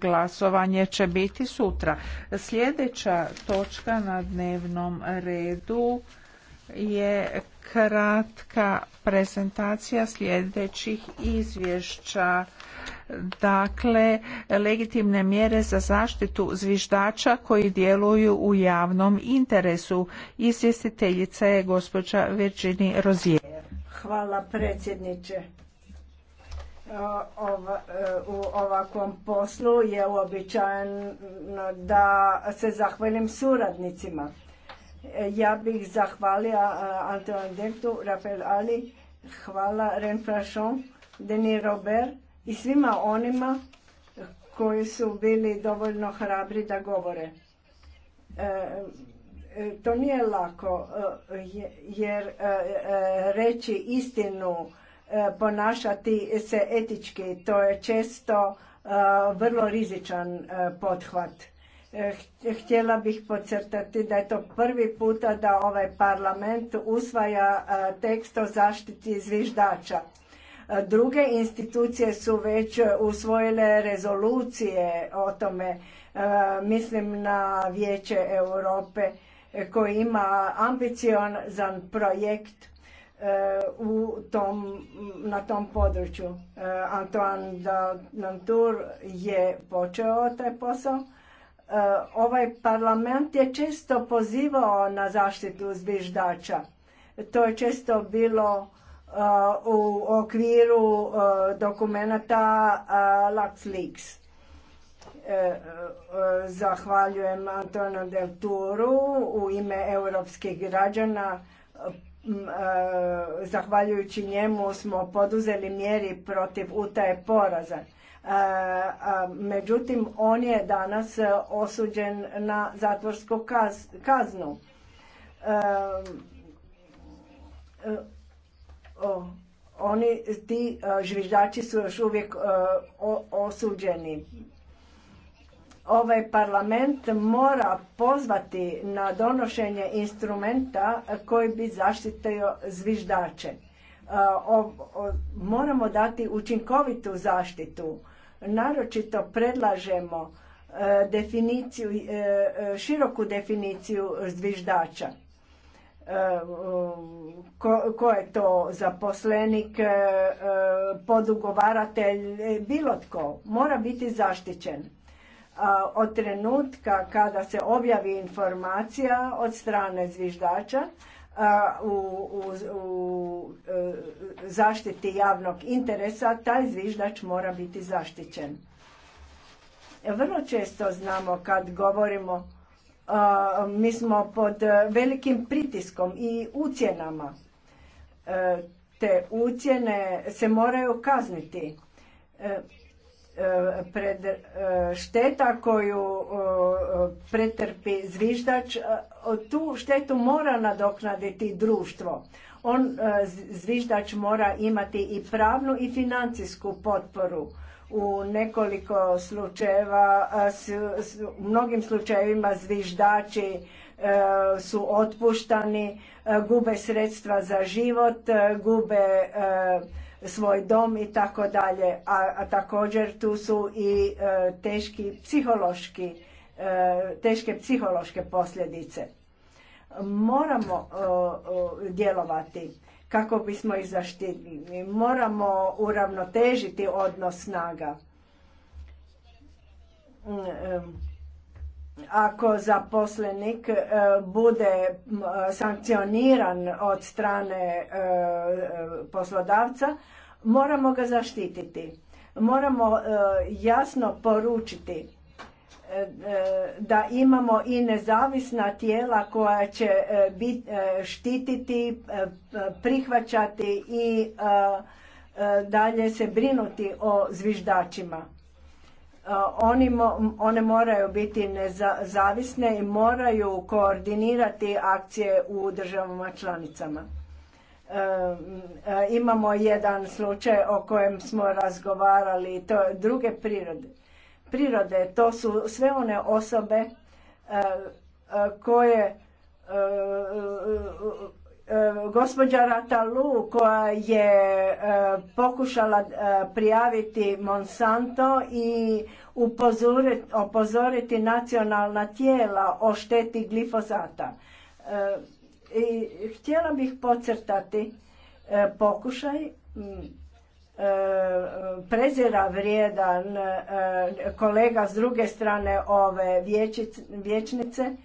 glasovanje će biti sutra. Sljedeća točka na dnevnom redu je kratka prezentacija sljedećih izvješća. Dakle, legitimne mjere za zaštitu zviždača koji djeluju u javnom interesu. Izvjestiteljica je gospođa Virginie Rozier. Hvala predsjedniče. E, u ovakvom poslu je uobičajeno da se zahvalim suradnicima. E, ja bih zahvalila e, Antoine Dektu, Rafael Ali, hvala Ren Denis Robert i svima onima koji su bili dovoljno hrabri da govore. to nije lako jer reći istinu E, ponašati se etički. To je često e, vrlo rizičan e, pothvat. Htjela bih podcrtati da je to prvi puta da ovaj parlament usvaja tekst o zaštiti zviždača. Druge institucije su već usvojile rezolucije o tome, mislim na Vijeće Europe koji ima ambiciozan projekt u tom, na tom području. E, Antoine Dantour je počeo taj posao. E, ovaj parlament je često pozivao na zaštitu zviždača. To je često bilo e, u okviru Lux Leaks. Zahvaljujem del Delturu u ime europskih građana Mm, e, zahvaljujući njemu smo poduzeli mjeri protiv utaje poraza. E, međutim, on je danas osuđen na zatvorsku kaznu. E, oni, ti žviždači su još uvijek osuđeni ovaj parlament mora pozvati na donošenje instrumenta koji bi zaštitio zviždače. E, moramo dati učinkovitu zaštitu. Naročito predlažemo e, definiciju, e, široku definiciju zviždača. Ko, je to zaposlenik, podugovaratelj, bilo tko, mora biti zaštićen od trenutka kada se objavi informacija od strane zviždača u, e, zaštiti javnog interesa, taj zviždač mora biti zaštićen. Vrlo često znamo kad govorimo, mi smo pod velikim pritiskom i ucjenama. E, te ucjene se moraju kazniti e, pred e, šteta koju e, pretrpi zviždač, e, tu štetu mora nadoknaditi društvo. On, zviždač mora imati i pravnu i financijsku potporu. U nekoliko slučajeva, u mnogim slučajevima zviždači su otpuštani, gube sredstva za život, gube svoj dom i tako dalje. A također tu su i e, teški psihološki, e, teške psihološke posljedice. Moramo djelovati kako bismo ih zaštitili. Moramo uravnotežiti odnos snaga. Mm, ako zaposlenik e, bude sankcioniran od strane e, poslodavca, moramo ga zaštititi. Moramo e, jasno poručiti da imamo i nezavisna tijela koja će štititi, prihvaćati i dalje se brinuti o zviždačima oni one moraju biti nezavisne i moraju koordinirati akcije u državama članicama. E, e, imamo jedan slučaj o kojem smo razgovarali, to je druge prirode. Prirode, to su sve one osobe e, koje Gospođa Ratalu koja je e, pokušala e, prijaviti Monsanto i upozoriti nacionalna tijela o šteti glifosata. E, I htjela bih podcrtati pokušaj prezira vrijedan kolega s druge strane ove vječnice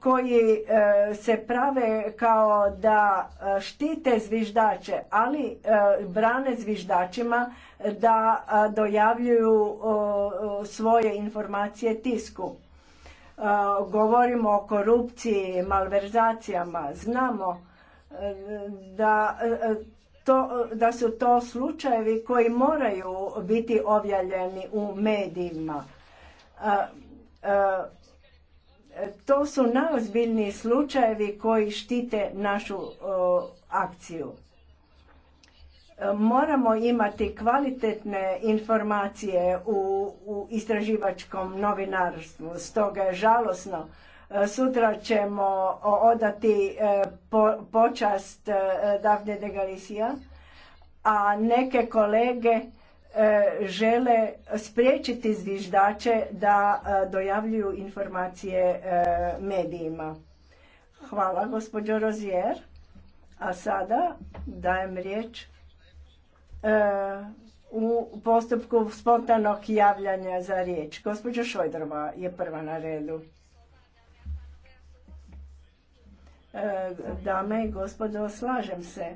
koji e, se prave kao da e, štite zviždače, ali e, brane zviždačima da dojavljuju svoje informacije tisku. Govorimo o korupciji, malverzacijama. Znamo da, da su to slučajevi koji moraju biti objavljeni u medijima. To su najozbiljniji slučajevi koji štite našu akciju. Moramo imati kvalitetne informacije u, istraživačkom novinarstvu. Stoga je žalosno e, sutra ćemo odati e, počast e, Davne de Galicia, a neke kolege E, žele spriječiti zviždače da e, dojavljuju informacije e, medijima. Hvala gospođo Rozier. A sada dajem riječ u postupku spontanog javljanja za riječ. Gospođa Šojdrova je prva na redu. Dame i gospodo, slažem se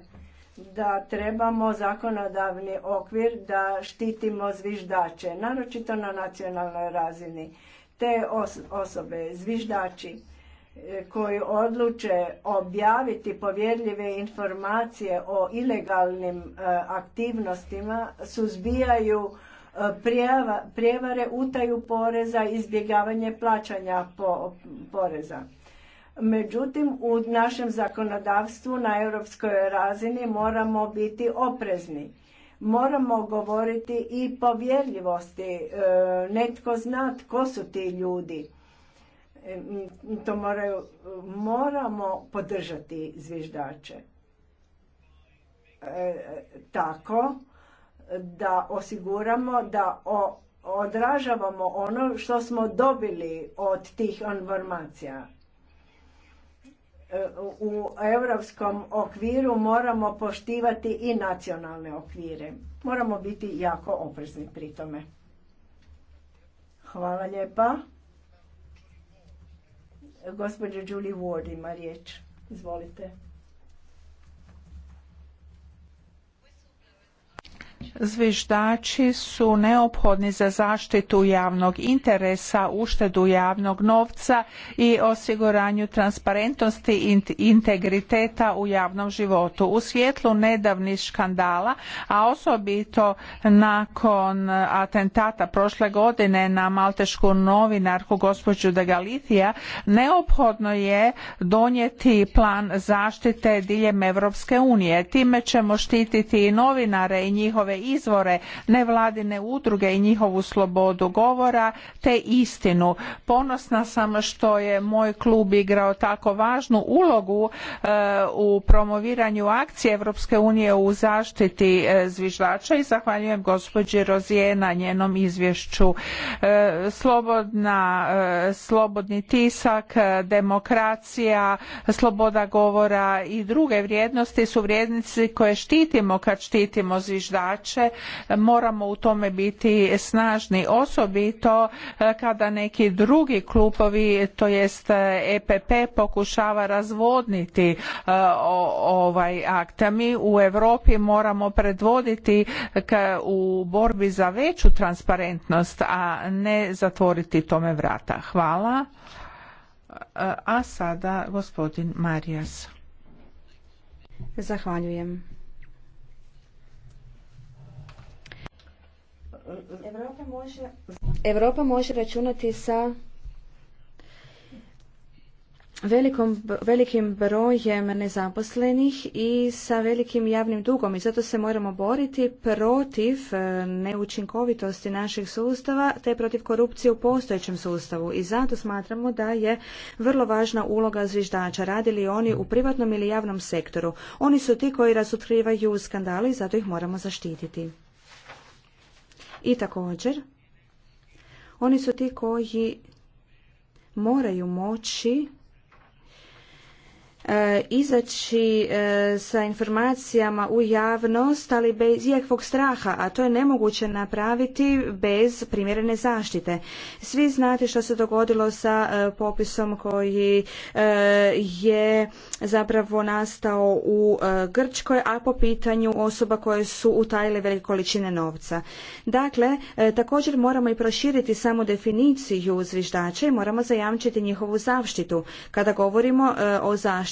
da trebamo zakonodavni okvir da štitimo zviždače, naročito na nacionalnoj razini. Te osobe, zviždači e, koji odluče objaviti povjerljive informacije o ilegalnim e, aktivnostima, suzbijaju e, prijevare, utaju poreza, izbjegavanje plaćanja poreza. Međutim, u našem zakonodavstvu na europskoj razini moramo biti oprezni. Moramo govoriti i povjerljivosti. E, netko zna tko su ti ljudi. E, moramo podržati zviždače. E, tako da osiguramo da odražavamo ono što smo dobili od tih informacija E, u europskom okviru moramo poštivati i nacionalne okvire. Moramo biti jako oprezni pri tome. Hvala lijepa. Gospođa Julie Ward ima riječ. Izvolite. Zviždači su neophodni za zaštitu javnog interesa, uštedu javnog novca i osiguranju transparentnosti i integriteta u javnom životu. U svjetlu nedavnih škandala, a osobito nakon atentata prošle godine na maltešku novinarku gospođu de Galitija, neophodno je donijeti plan zaštite diljem Europske unije. Time ćemo štititi i novinare i njihove izvore, nevladine udruge i njihovu slobodu govora te istinu. Ponosna sam što je moj klub igrao tako važnu ulogu e, u promoviranju akcije Europske unije u zaštiti e, zviždača i zahvaljujem gospođi Rozije na njenom izvješću. E, slobodna, slobodni tisak, demokracija, sloboda govora i druge vrijednosti su vrijednici koje štitimo kad štitimo zviždače moramo u tome biti snažni osobito e, kada neki drugi klubovi to jest EPP e pokušava razvodniti e, ovaj akt mi u Europi moramo predvoditi u borbi za veću transparentnost a ne zatvoriti tome vrata hvala a sada gospodin Marijas Zahvaljujem. Evropa može... Evropa može računati sa velikim brojem nezaposlenih i sa velikim javnim dugom i zato se moramo boriti protiv e, neučinkovitosti naših sustava te protiv korupcije u postojećem sustavu i zato smatramo da je vrlo važna uloga zviždača radili oni u privatnom ili javnom sektoru. Oni su ti koji razotkrivaju skandale i zato ih moramo zaštititi. I također, oni su ti koji moraju moći E, izaći e, sa informacijama u javnost, ali bez ikakvog straha, a to je nemoguće napraviti bez primjerene zaštite. Svi znate što se dogodilo sa e, popisom koji je zapravo nastao u Grčkoj, a po pitanju osoba koje su utajile velike količine novca. Dakle, također moramo i proširiti samu definiciju zviždača i moramo zajamčiti njihovu zaštitu. Kada govorimo o zaštiti,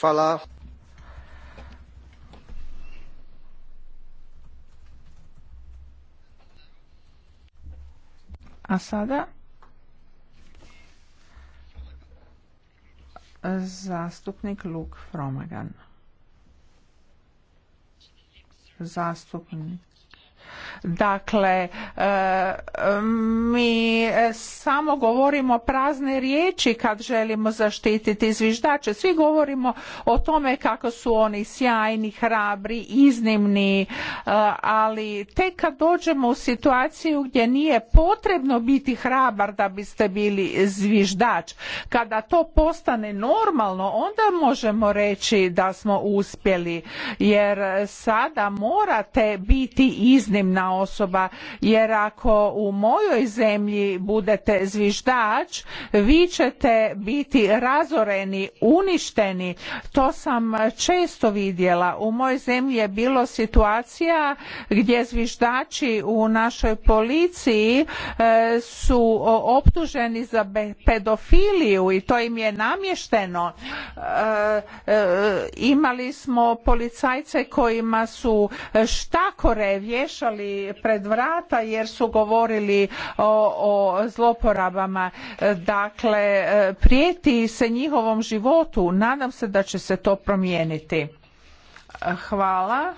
Hvala. A sada zastupnik Luk Fromagan. Zastupnik Dakle, e, mi samo govorimo prazne riječi kad želimo zaštititi zviždače. Svi govorimo o tome kako su oni sjajni, hrabri, iznimni, e, ali tek kad dođemo u situaciju gdje nije potrebno biti hrabar da biste bili zviždač, kada to postane normalno, onda možemo reći da smo uspjeli, jer sada morate biti iznimni na osoba jer ako u mojoj zemlji budete zviždač vi ćete biti razoreni, uništeni. To sam često vidjela. U mojoj zemlji je bilo situacija gdje zviždači u našoj policiji e, su optuženi za pedofiliju i to im je namješteno. E, e, imali smo policajce kojima su štakore vješali li pred vrata jer su govorili o, zloporabama. Dakle, prijeti se njihovom životu. Nadam se da će se to promijeniti. Hvala.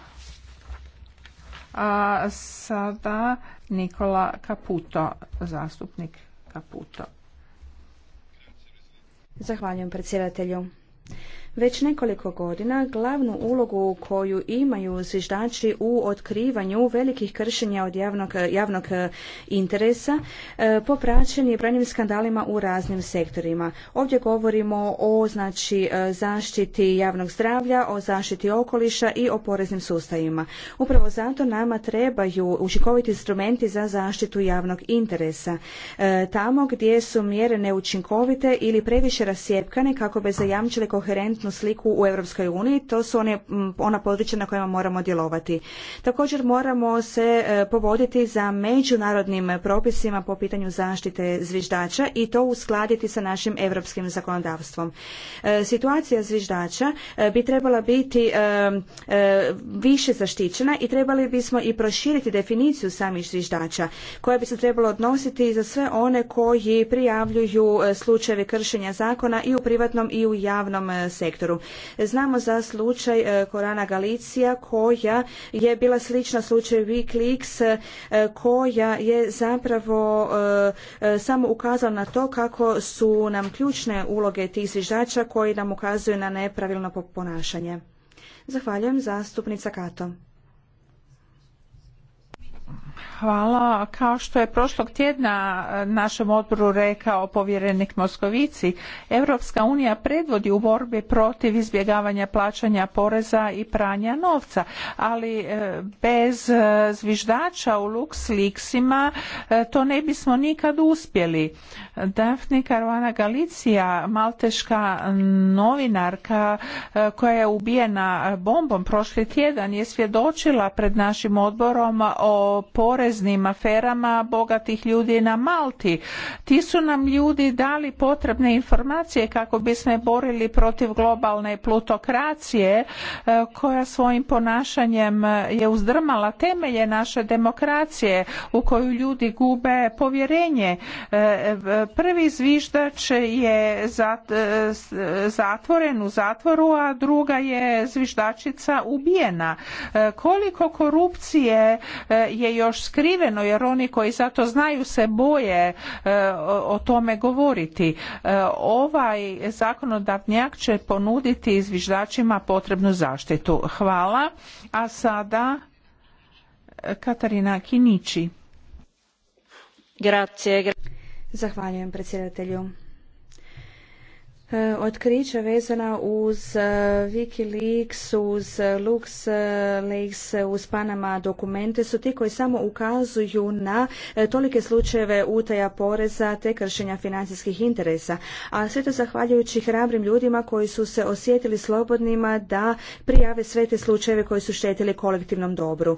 A sada Nikola Kaputo, zastupnik Kaputo. Zahvaljujem predsjedatelju. Već nekoliko godina glavnu ulogu koju imaju zviždači u otkrivanju velikih kršenja od javnog, javnog e, interesa e, popraćen je brojnim skandalima u raznim sektorima. Ovdje govorimo o znači e, zaštiti javnog zdravlja, o zaštiti okoliša i o poreznim sustavima. Upravo zato nama trebaju učinkoviti instrumenti za zaštitu javnog interesa. Tamo gdje su mjere neučinkovite ili previše rasjepkane kako bi zajamčile koherent sliku u Europskoj uniji, to su ona područja na kojima moramo djelovati. Također moramo se e, povoditi za međunarodnim propisima po pitanju zaštite zviždača i to uskladiti sa našim europskim zakonodavstvom. E, situacija zviždača e, bi trebala biti više zaštićena i trebali bismo i proširiti definiciju samih zviždača koja bi se trebala odnositi za sve one koji prijavljuju slučajeve kršenja zakona i u privatnom i u javnom sektoru sektoru. Znamo za slučaj e, Korana Galicija koja je bila slična slučaju Wikileaks e, koja je zapravo e, samo ukazala na to kako su nam ključne uloge tih zviždača koji nam ukazuju na nepravilno ponašanje. Zahvaljujem zastupnica Kato. Hvala. Kao što je prošlog tjedna e, našem odboru rekao povjerenik Moskovici, Europska unija predvodi u borbi protiv izbjegavanja plaćanja poreza i pranja novca, ali e, bez e, zviždača u liksima to ne bismo nikad uspjeli. Daphne Caruana Galicija, malteška novinarka koja je ubijena bombom prošli tjedan je svjedočila pred našim odborom o porezu poreznim aferama bogatih ljudi na Malti. Ti su nam ljudi dali potrebne informacije kako bismo se borili protiv globalne plutokracije e, koja svojim ponašanjem je uzdrmala temelje naše demokracije u koju ljudi gube povjerenje. E, prvi zviždač je e, zatvoren u zatvoru, a druga je zviždačica ubijena. Koliko korupcije je još skriveno skriveno jer oni koji za to znaju se boje e, o tome govoriti. E, ovaj zakonodavni će ponuditi izviždačima potrebnu zaštitu. Hvala. A sada e, Katarina Kinići. Grazie. Zahvaljujem predsjedatelju. E, otkrića vezana uz e, Wikileaks, uz e, LuxLeaks, uz Panama dokumente su ti koji samo ukazuju na tolike slučajeve utaja poreza te kršenja financijskih interesa. A sve to zahvaljujući hrabrim ljudima koji su se osjetili slobodnima da prijave sve te slučajeve koji su štetili kolektivnom dobru.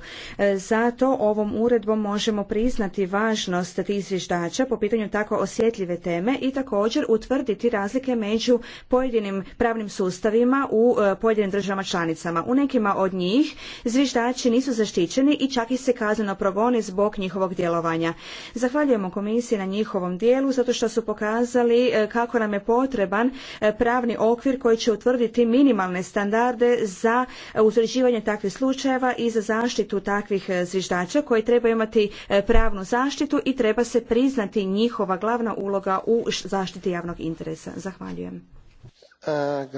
Zato ovom uredbom možemo priznati važnost tih zviždača po pitanju tako osjetljive teme i također utvrditi razlike među među pojedinim pravnim sustavima u e, pojedinim državama članicama. U nekima od njih zviždači nisu zaštićeni i čak ih se kazneno progoni zbog njihovog djelovanja. Zahvaljujemo komisiji na njihovom dijelu zato što su pokazali e, kako nam je potreban e, pravni okvir koji će utvrditi minimalne standarde za utvrđivanje takvih slučajeva i za zaštitu takvih zviždača koji trebaju imati pravnu zaštitu i treba se priznati njihova glavna uloga u zaštiti javnog interesa. Zahvaljujem. Zahvaljujem.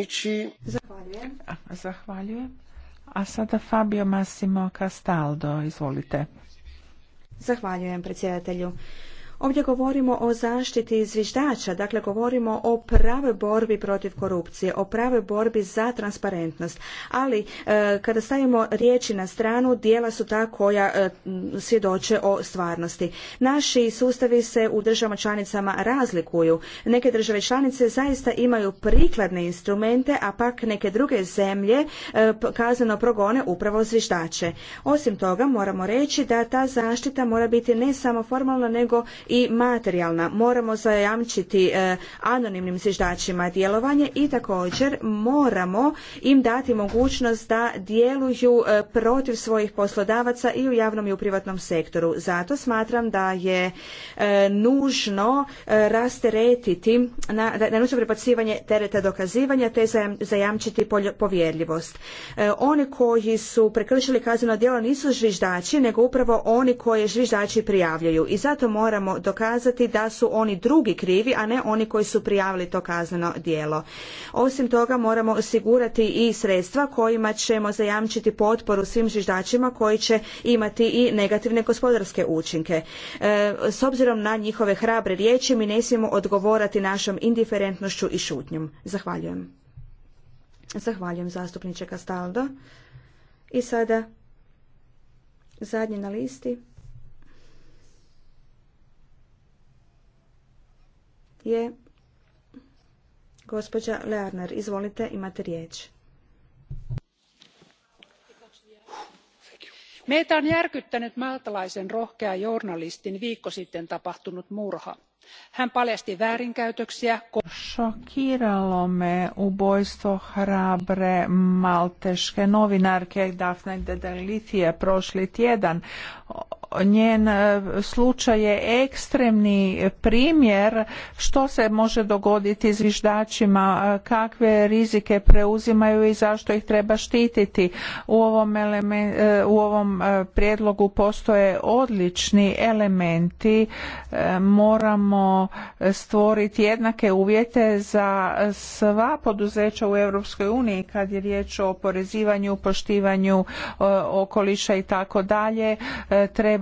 E, zahvaljujem. Zahvaljujem. A sada Fabio Massimo Castaldo, izvolite. Zahvaljujem predsjedatelju. Ovdje govorimo o zaštiti zviždača, dakle govorimo o pravoj borbi protiv korupcije, o pravoj borbi za transparentnost. Ali e, kada stavimo riječi na stranu, dijela su ta koja e, svjedoče o stvarnosti. Naši sustavi se u državama članicama razlikuju. Neke države članice zaista imaju prikladne instrumente, a pak neke druge zemlje e, progone upravo zviždače. Osim toga moramo reći da ta zaštita mora biti ne samo formalna nego i materijalna. Moramo zajamčiti e, anonimnim zviždačima djelovanje i također moramo im dati mogućnost da djeluju e, protiv svojih poslodavaca i u javnom i u privatnom sektoru. Zato smatram da je e, nužno rasteretiti na, nužno prebacivanje tereta dokazivanja te zajamčiti povjerljivost. Oni koji su prekršili kazneno djelo nisu zviždači nego upravo oni koje zviždači prijavljaju i zato moramo dokazati da su oni drugi krivi, a ne oni koji su prijavili to kazneno djelo. Osim toga moramo osigurati i sredstva kojima ćemo zajamčiti potporu svim zviždačima koji će imati i negativne gospodarske učinke. E, s obzirom na njihove hrabre riječi mi ne smijemo odgovorati našom indiferentnošću i šutnjom. Zahvaljujem. Zahvaljujem zastupniče Kastaldo. I sada zadnji na listi. je gospođa Learner. Izvolite, imate riječ. Meitä on järkyttänyt maltalaisen rohkea journalistin viikko sitten tapahtunut murha. Hän paljasti väärinkäytöksiä. Šokiralo me ubojstvo hrabre malteške novinarke Daphne Dedelitije prošli tjedan njen e, slučaj je ekstremni primjer što se može dogoditi zviždačima, e, kakve rizike preuzimaju i zašto ih treba štititi. U ovom, e, u ovom prijedlogu postoje odlični elementi. Moramo stvoriti jednake uvjete za sva poduzeća u Europskoj uniji kad je riječ o oporezivanju, poštivanju okoliša i tako dalje. Treba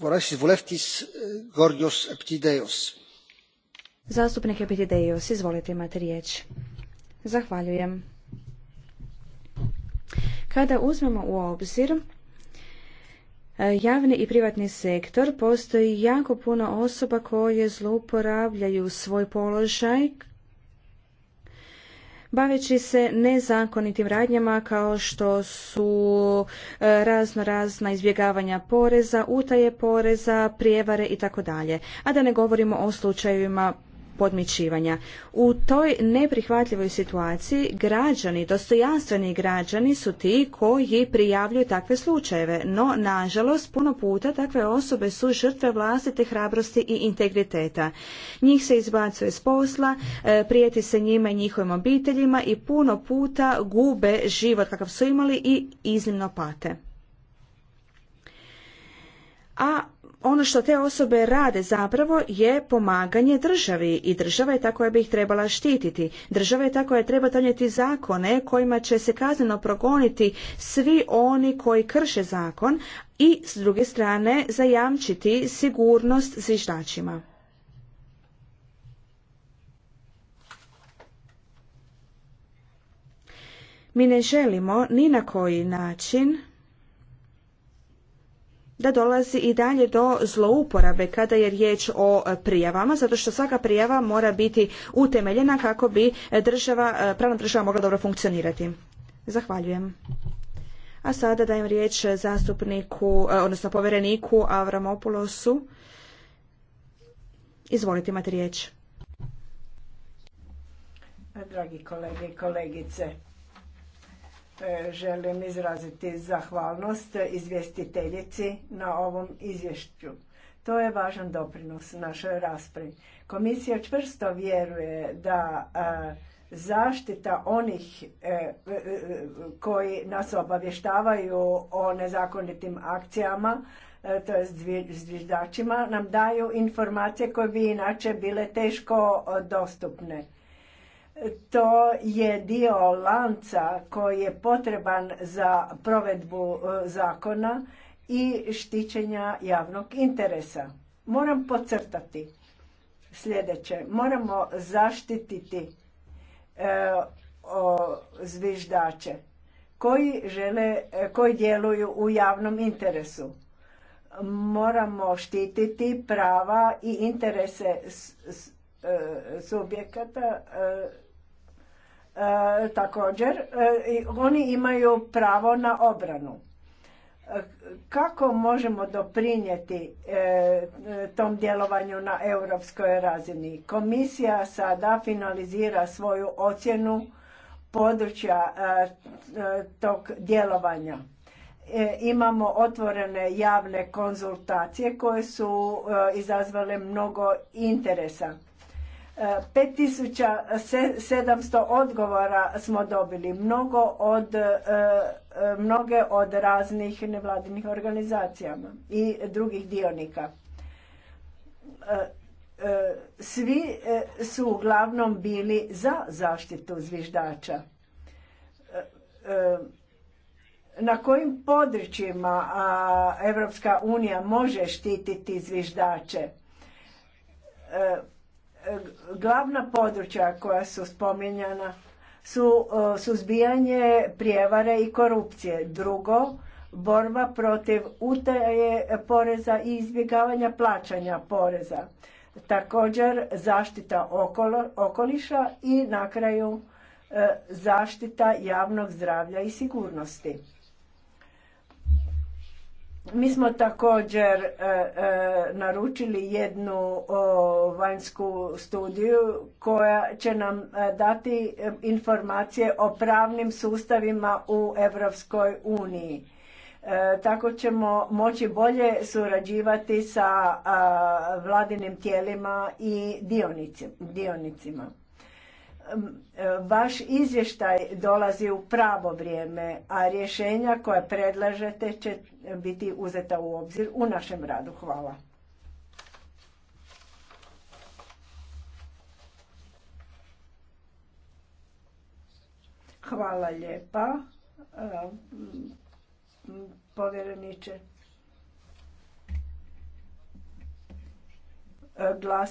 Eh, Zastupnik Epitideios, izvolite imate riječ. Zahvaljujem. Kada uzmemo u obzir eh, javni i privatni sektor, postoji jako puno osoba koje zlouporabljaju svoj položaj baveći se nezakonitim radnjama kao što su e, razno razna izbjegavanja poreza, utaje poreza, prijevare i tako dalje. A da ne govorimo o slučajevima podmićivanja. U toj neprihvatljivoj situaciji građani, dostojanstveni građani su ti koji prijavljuju takve slučajeve, no nažalost puno puta takve osobe su žrtve vlastite hrabrosti i integriteta. Njih se izbacuje s posla, e, prijeti se njima i njihovim obiteljima i puno puta gube život kakav su imali i iznimno pate. A ono što te osobe rade zapravo je pomaganje državi i država je ta koja bi ih trebala štititi. Država je ta koja treba donijeti zakone kojima će se kazneno progoniti svi oni koji krše zakon i s druge strane zajamčiti sigurnost zviždačima. Mi ne želimo ni na koji način da dolazi i dalje do zlouporabe kada je riječ o prijavama, zato što svaka prijava mora biti utemeljena kako bi država, pravna država mogla dobro funkcionirati. Zahvaljujem. A sada dajem riječ zastupniku, odnosno povjereniku Avramopulosu. Izvolite, imati riječ. Dragi kolege i kolegice, E, želim izraziti zahvalnost izvjestiteljici na ovom izvješću. To je važan doprinos našoj raspravi. Komisija čvrsto vjeruje da e, zaštita onih e, koji nas obavještavaju o nezakonitim akcijama, to je zviždačima, nam daju informacije koje bi inače bile teško dostupne to je dio lanca koji je potreban za provedbu e, zakona i štićenja javnog interesa. Moram podcrtati sljedeće. Moramo zaštititi e, zviždače koji, žele, e, koji djeluju u javnom interesu. Moramo štititi prava i interese subjekata E, također e, oni imaju pravo na obranu e, kako možemo doprinijeti tom djelovanju na europskoj razini komisija sada finalizira svoju ocjenu područja tog djelovanja imamo otvorene javne konzultacije koje su izazvale mnogo interesa 5700 odgovora smo dobili, mnogo od, e, e, mnoge od raznih nevladinih organizacija i drugih dionika. E, svi su uglavnom bili za zaštitu zviždača. Na kojim područjima Evropska unija može štititi zviždače? glavna područja koja su spominjana su e, suzbijanje prijevare i korupcije. Drugo, borba protiv utaje poreza i izbjegavanja plaćanja poreza. Također zaštita okoliša i na kraju e, zaštita javnog zdravlja i sigurnosti. Mi smo također e, e, naručili jednu vanjsku studiju koja će nam e, dati informacije o pravnim sustavima u Europskoj uniji. Tako ćemo moći bolje surađivati sa vladinim tijelima i dionicima. E, vaš izvještaj dolazi u pravo vrijeme, a rješenja koja predlažete će biti uzeta u obzir u našem radu. Hvala. Hvala lijepa, e, povjereniče. E, glas